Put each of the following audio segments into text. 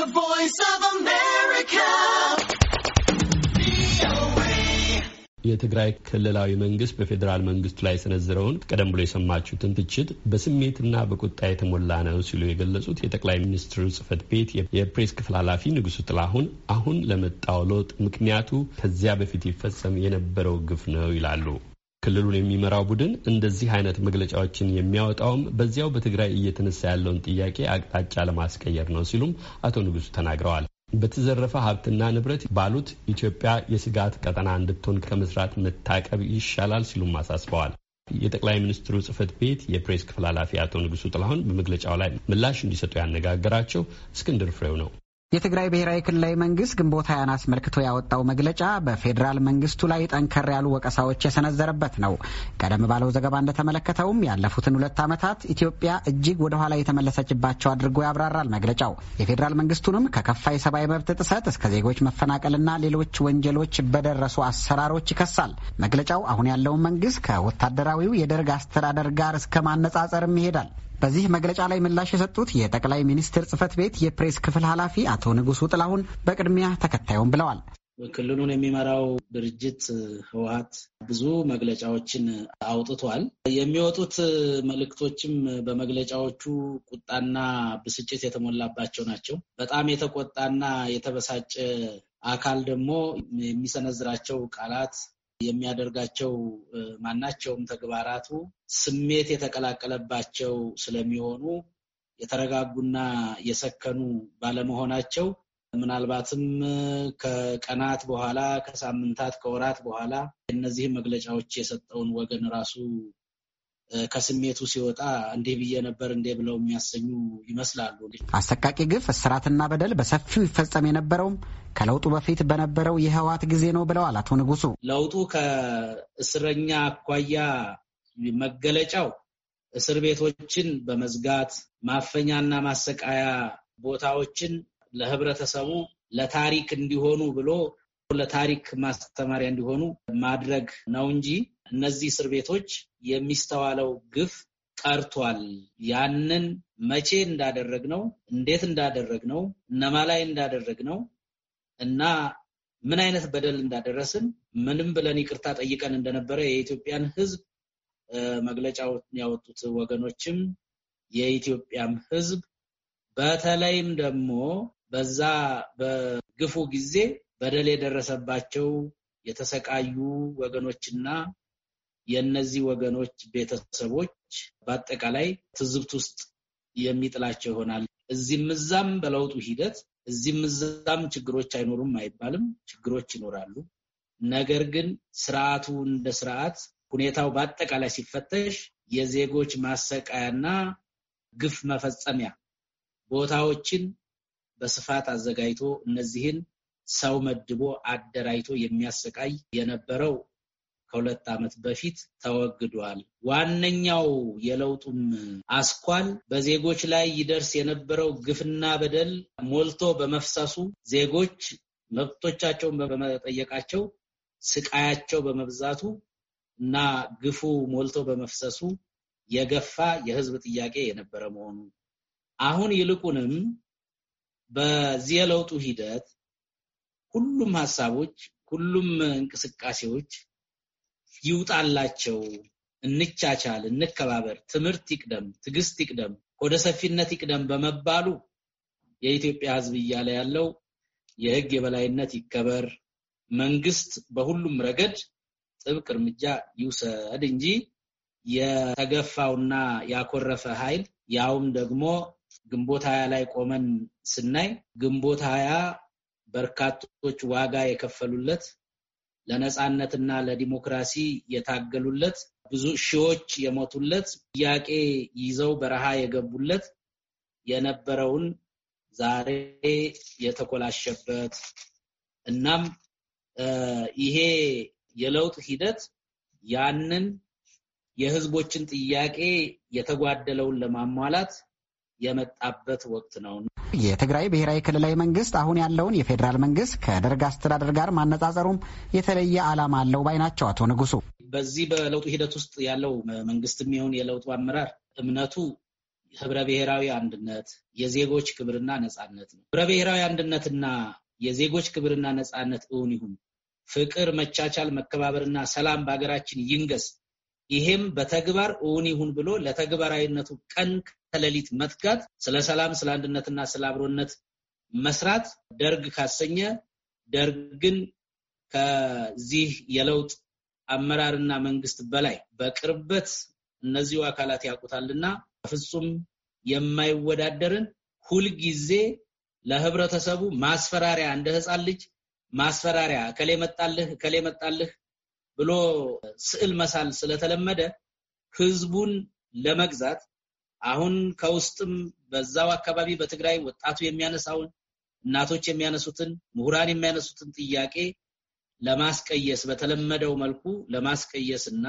The Voice of America. የትግራይ ክልላዊ መንግስት በፌዴራል መንግስቱ ላይ የሰነዘረውን ቀደም ብሎ የሰማችሁትን ትችት በስሜትና በቁጣ የተሞላ ነው ሲሉ የገለጹት የጠቅላይ ሚኒስትሩ ጽህፈት ቤት የፕሬስ ክፍል ኃላፊ ንጉሱ ጥላሁን አሁን ለመጣው ለውጥ ምክንያቱ ከዚያ በፊት ይፈጸም የነበረው ግፍ ነው ይላሉ። ክልሉን የሚመራው ቡድን እንደዚህ አይነት መግለጫዎችን የሚያወጣውም በዚያው በትግራይ እየተነሳ ያለውን ጥያቄ አቅጣጫ ለማስቀየር ነው ሲሉም አቶ ንጉሱ ተናግረዋል። በተዘረፈ ሀብትና ንብረት ባሉት ኢትዮጵያ የስጋት ቀጠና እንድትሆን ከመስራት መታቀብ ይሻላል ሲሉም አሳስበዋል። የጠቅላይ ሚኒስትሩ ጽህፈት ቤት የፕሬስ ክፍል ኃላፊ አቶ ንጉሱ ጥላሁን በመግለጫው ላይ ምላሽ እንዲሰጡ ያነጋገራቸው እስክንድር ፍሬው ነው። የትግራይ ብሔራዊ ክልላዊ መንግስት ግንቦት ሀያን አስመልክቶ ያወጣው መግለጫ በፌዴራል መንግስቱ ላይ ጠንከር ያሉ ወቀሳዎች የሰነዘረበት ነው። ቀደም ባለው ዘገባ እንደተመለከተውም ያለፉትን ሁለት ዓመታት ኢትዮጵያ እጅግ ወደ ኋላ የተመለሰችባቸው አድርጎ ያብራራል መግለጫው። የፌዴራል መንግስቱንም ከከፋ የሰብአዊ መብት ጥሰት እስከ ዜጎች መፈናቀልና ሌሎች ወንጀሎች በደረሱ አሰራሮች ይከሳል። መግለጫው አሁን ያለውን መንግስት ከወታደራዊው የደርግ አስተዳደር ጋር እስከ ማነጻጸርም ይሄዳል። በዚህ መግለጫ ላይ ምላሽ የሰጡት የጠቅላይ ሚኒስትር ጽህፈት ቤት የፕሬስ ክፍል ኃላፊ አቶ ንጉሱ ጥላሁን በቅድሚያ ተከታዩም ብለዋል። ክልሉን የሚመራው ድርጅት ህወሀት ብዙ መግለጫዎችን አውጥቷል። የሚወጡት መልእክቶችም በመግለጫዎቹ ቁጣና ብስጭት የተሞላባቸው ናቸው። በጣም የተቆጣና የተበሳጨ አካል ደግሞ የሚሰነዝራቸው ቃላት የሚያደርጋቸው ማናቸውም ተግባራቱ ስሜት የተቀላቀለባቸው ስለሚሆኑ የተረጋጉና የሰከኑ ባለመሆናቸው ምናልባትም ከቀናት በኋላ ከሳምንታት፣ ከወራት በኋላ እነዚህን መግለጫዎች የሰጠውን ወገን ራሱ ከስሜቱ ሲወጣ እንዴ ብዬ ነበር እንዴ ብለው የሚያሰኙ ይመስላሉ። አሰቃቂ ግፍ፣ እስራትና በደል በሰፊው ይፈጸም የነበረውም ከለውጡ በፊት በነበረው የህወሓት ጊዜ ነው ብለዋል አቶ ንጉሱ። ለውጡ ከእስረኛ አኳያ መገለጫው እስር ቤቶችን በመዝጋት ማፈኛና ማሰቃያ ቦታዎችን ለህብረተሰቡ ለታሪክ እንዲሆኑ ብሎ ለታሪክ ማስተማሪያ እንዲሆኑ ማድረግ ነው እንጂ እነዚህ እስር ቤቶች የሚስተዋለው ግፍ ቀርቷል። ያንን መቼ እንዳደረግ ነው እንዴት እንዳደረግ ነው እነማ ላይ ነው? እና ምን አይነት በደል እንዳደረስን ምንም ብለን ይቅርታ ጠይቀን እንደነበረ የኢትዮጵያን ሕዝብ መግለጫውን ያወጡት ወገኖችም የኢትዮጵያም ሕዝብ በተለይም ደግሞ በዛ በግፉ ጊዜ በደል የደረሰባቸው የተሰቃዩ ወገኖችና የእነዚህ ወገኖች ቤተሰቦች በአጠቃላይ ትዝብት ውስጥ የሚጥላቸው ይሆናል። እዚህም እዛም በለውጡ ሂደት እዚህም እዛም ችግሮች አይኖሩም አይባልም፣ ችግሮች ይኖራሉ። ነገር ግን ስርዓቱ እንደ ስርዓት ሁኔታው በአጠቃላይ ሲፈተሽ የዜጎች ማሰቃያና ግፍ መፈጸሚያ ቦታዎችን በስፋት አዘጋጅቶ እነዚህን ሰው መድቦ አደራጅቶ የሚያሰቃይ የነበረው ከሁለት ዓመት በፊት ተወግዷል። ዋነኛው የለውጡም አስኳል በዜጎች ላይ ይደርስ የነበረው ግፍና በደል ሞልቶ በመፍሰሱ ዜጎች መብቶቻቸውን በመጠየቃቸው ስቃያቸው በመብዛቱ እና ግፉ ሞልቶ በመፍሰሱ የገፋ የሕዝብ ጥያቄ የነበረ መሆኑ አሁን ይልቁንም በዚህ የለውጡ ሂደት ሁሉም ሀሳቦች፣ ሁሉም እንቅስቃሴዎች ይውጣላቸው። እንቻቻል፣ እንከባበር፣ ትምህርት ይቅደም፣ ትዕግስት ይቅደም፣ ወደ ሰፊነት ይቅደም በመባሉ የኢትዮጵያ ሕዝብ እያለ ያለው የህግ የበላይነት ይከበር፣ መንግስት በሁሉም ረገድ ጥብቅ እርምጃ ይውሰድ እንጂ የተገፋውና ያኮረፈ ኃይል ያውም ደግሞ ግንቦት ሀያ ላይ ቆመን ስናይ ግንቦት ሀያ በርካቶች ዋጋ የከፈሉለት ለነጻነትና ለዲሞክራሲ የታገሉለት ብዙ ሺዎች የሞቱለት ጥያቄ ይዘው በረሃ የገቡለት የነበረውን ዛሬ የተኮላሸበት እናም ይሄ የለውጥ ሂደት ያንን የህዝቦችን ጥያቄ የተጓደለውን ለማሟላት የመጣበት ወቅት ነው። የትግራይ ብሔራዊ ክልላዊ መንግስት አሁን ያለውን የፌዴራል መንግስት ከደርግ አስተዳደር ጋር ማነጻጸሩም የተለየ ዓላማ አለው ባይ ናቸው አቶ ንጉሱ። በዚህ በለውጡ ሂደት ውስጥ ያለው መንግስት የሚሆን የለውጡ አመራር እምነቱ ህብረ ብሔራዊ አንድነት፣ የዜጎች ክብርና ነጻነት ነው። ህብረ ብሔራዊ አንድነትና የዜጎች ክብርና ነጻነት እውን ይሁን፣ ፍቅር፣ መቻቻል፣ መከባበርና ሰላም በሀገራችን ይንገስ፣ ይህም በተግባር እውን ይሁን ብሎ ለተግባራዊነቱ ቀን ከሌሊት መትጋት፣ ስለ ሰላም፣ ስለ አንድነትና ስለ አብሮነት መስራት ደርግ ካሰኘ ደርግን ከዚህ የለውጥ አመራርና መንግስት በላይ በቅርበት እነዚሁ አካላት ያውቁታልና ፍጹም የማይወዳደርን ሁልጊዜ ለህብረተሰቡ ማስፈራሪያ እንደ ህፃን ልጅ ማስፈራሪያ እከሌ መጣልህ እከሌ መጣልህ ብሎ ስዕል መሳል ስለተለመደ ህዝቡን ለመግዛት አሁን ከውስጥም በዛው አካባቢ በትግራይ ወጣቱ የሚያነሳውን እናቶች የሚያነሱትን ምሁራን የሚያነሱትን ጥያቄ ለማስቀየስ በተለመደው መልኩ ለማስቀየስ እና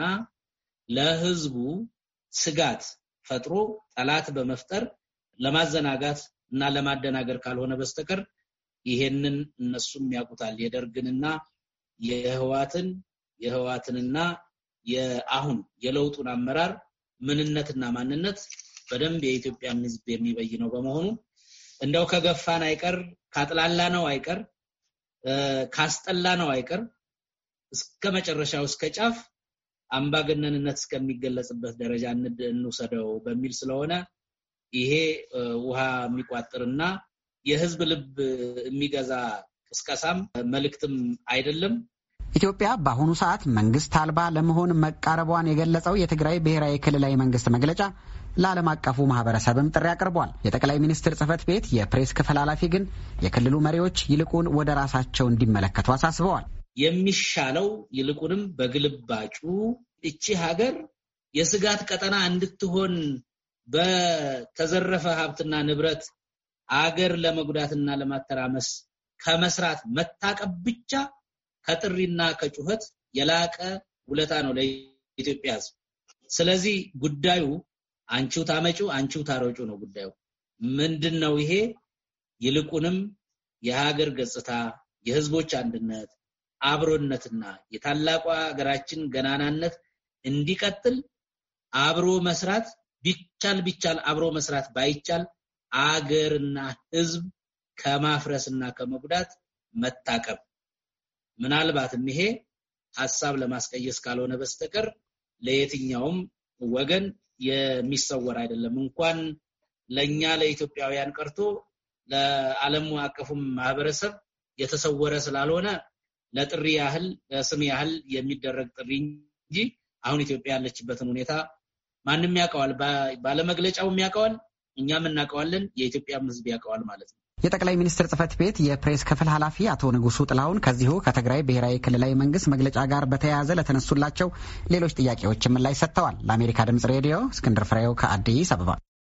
ለህዝቡ ስጋት ፈጥሮ ጠላት በመፍጠር ለማዘናጋት እና ለማደናገር ካልሆነ በስተቀር ይሄንን እነሱም ያውቁታል። የደርግንና የህዋትን የህዋትንና የአሁን የለውጡን አመራር ምንነትና ማንነት በደንብ የኢትዮጵያን ሕዝብ የሚበይ ነው በመሆኑ እንደው ከገፋን አይቀር ካጥላላ ነው አይቀር ካስጠላ ነው አይቀር እስከ መጨረሻው እስከ ጫፍ አምባገነንነት እስከሚገለጽበት ደረጃ እንውሰደው በሚል ስለሆነ ይሄ ውሃ የሚቋጥርና የህዝብ ልብ የሚገዛ ቅስቀሳም መልእክትም አይደለም። ኢትዮጵያ በአሁኑ ሰዓት መንግስት አልባ ለመሆን መቃረቧን የገለጸው የትግራይ ብሔራዊ ክልላዊ መንግስት መግለጫ ለዓለም አቀፉ ማህበረሰብም ጥሪ አቅርቧል። የጠቅላይ ሚኒስትር ጽህፈት ቤት የፕሬስ ክፍል ኃላፊ ግን የክልሉ መሪዎች ይልቁን ወደ ራሳቸው እንዲመለከቱ አሳስበዋል። የሚሻለው ይልቁንም በግልባጩ እቺ ሀገር የስጋት ቀጠና እንድትሆን በተዘረፈ ሀብትና ንብረት አገር ለመጉዳትና ለማተራመስ ከመስራት መታቀብ ብቻ ከጥሪና ከጩኸት የላቀ ውለታ ነው ለኢትዮጵያ ህዝብ። ስለዚህ ጉዳዩ አንቺው ታመጪው አንቺው ታረጩ ነው ጉዳዩ። ምንድን ነው ይሄ? ይልቁንም የሀገር ገጽታ፣ የህዝቦች አንድነት፣ አብሮነትና የታላቋ ሀገራችን ገናናነት እንዲቀጥል አብሮ መስራት ቢቻል ቢቻል አብሮ መስራት ባይቻል አገርና ህዝብ ከማፍረስና ከመጉዳት መታቀብ ምናልባትም ይሄ ሀሳብ ለማስቀየስ ካልሆነ በስተቀር ለየትኛውም ወገን የሚሰወር አይደለም። እንኳን ለእኛ ለኢትዮጵያውያን ቀርቶ ለዓለም አቀፉም ማህበረሰብ የተሰወረ ስላልሆነ ለጥሪ ያህል ለስም ያህል የሚደረግ ጥሪ እንጂ አሁን ኢትዮጵያ ያለችበትን ሁኔታ ማንም ያውቀዋል። ባለመግለጫውም ያውቀዋል፣ እኛም እናውቀዋለን፣ የኢትዮጵያም ሕዝብ ያውቀዋል ማለት ነው። የጠቅላይ ሚኒስትር ጽህፈት ቤት የፕሬስ ክፍል ኃላፊ አቶ ንጉሱ ጥላሁን ከዚሁ ከትግራይ ብሔራዊ ክልላዊ መንግስት መግለጫ ጋር በተያያዘ ለተነሱላቸው ሌሎች ጥያቄዎች ምላሽ ሰጥተዋል። ለአሜሪካ ድምጽ ሬዲዮ እስክንድር ፍሬው ከአዲስ አበባ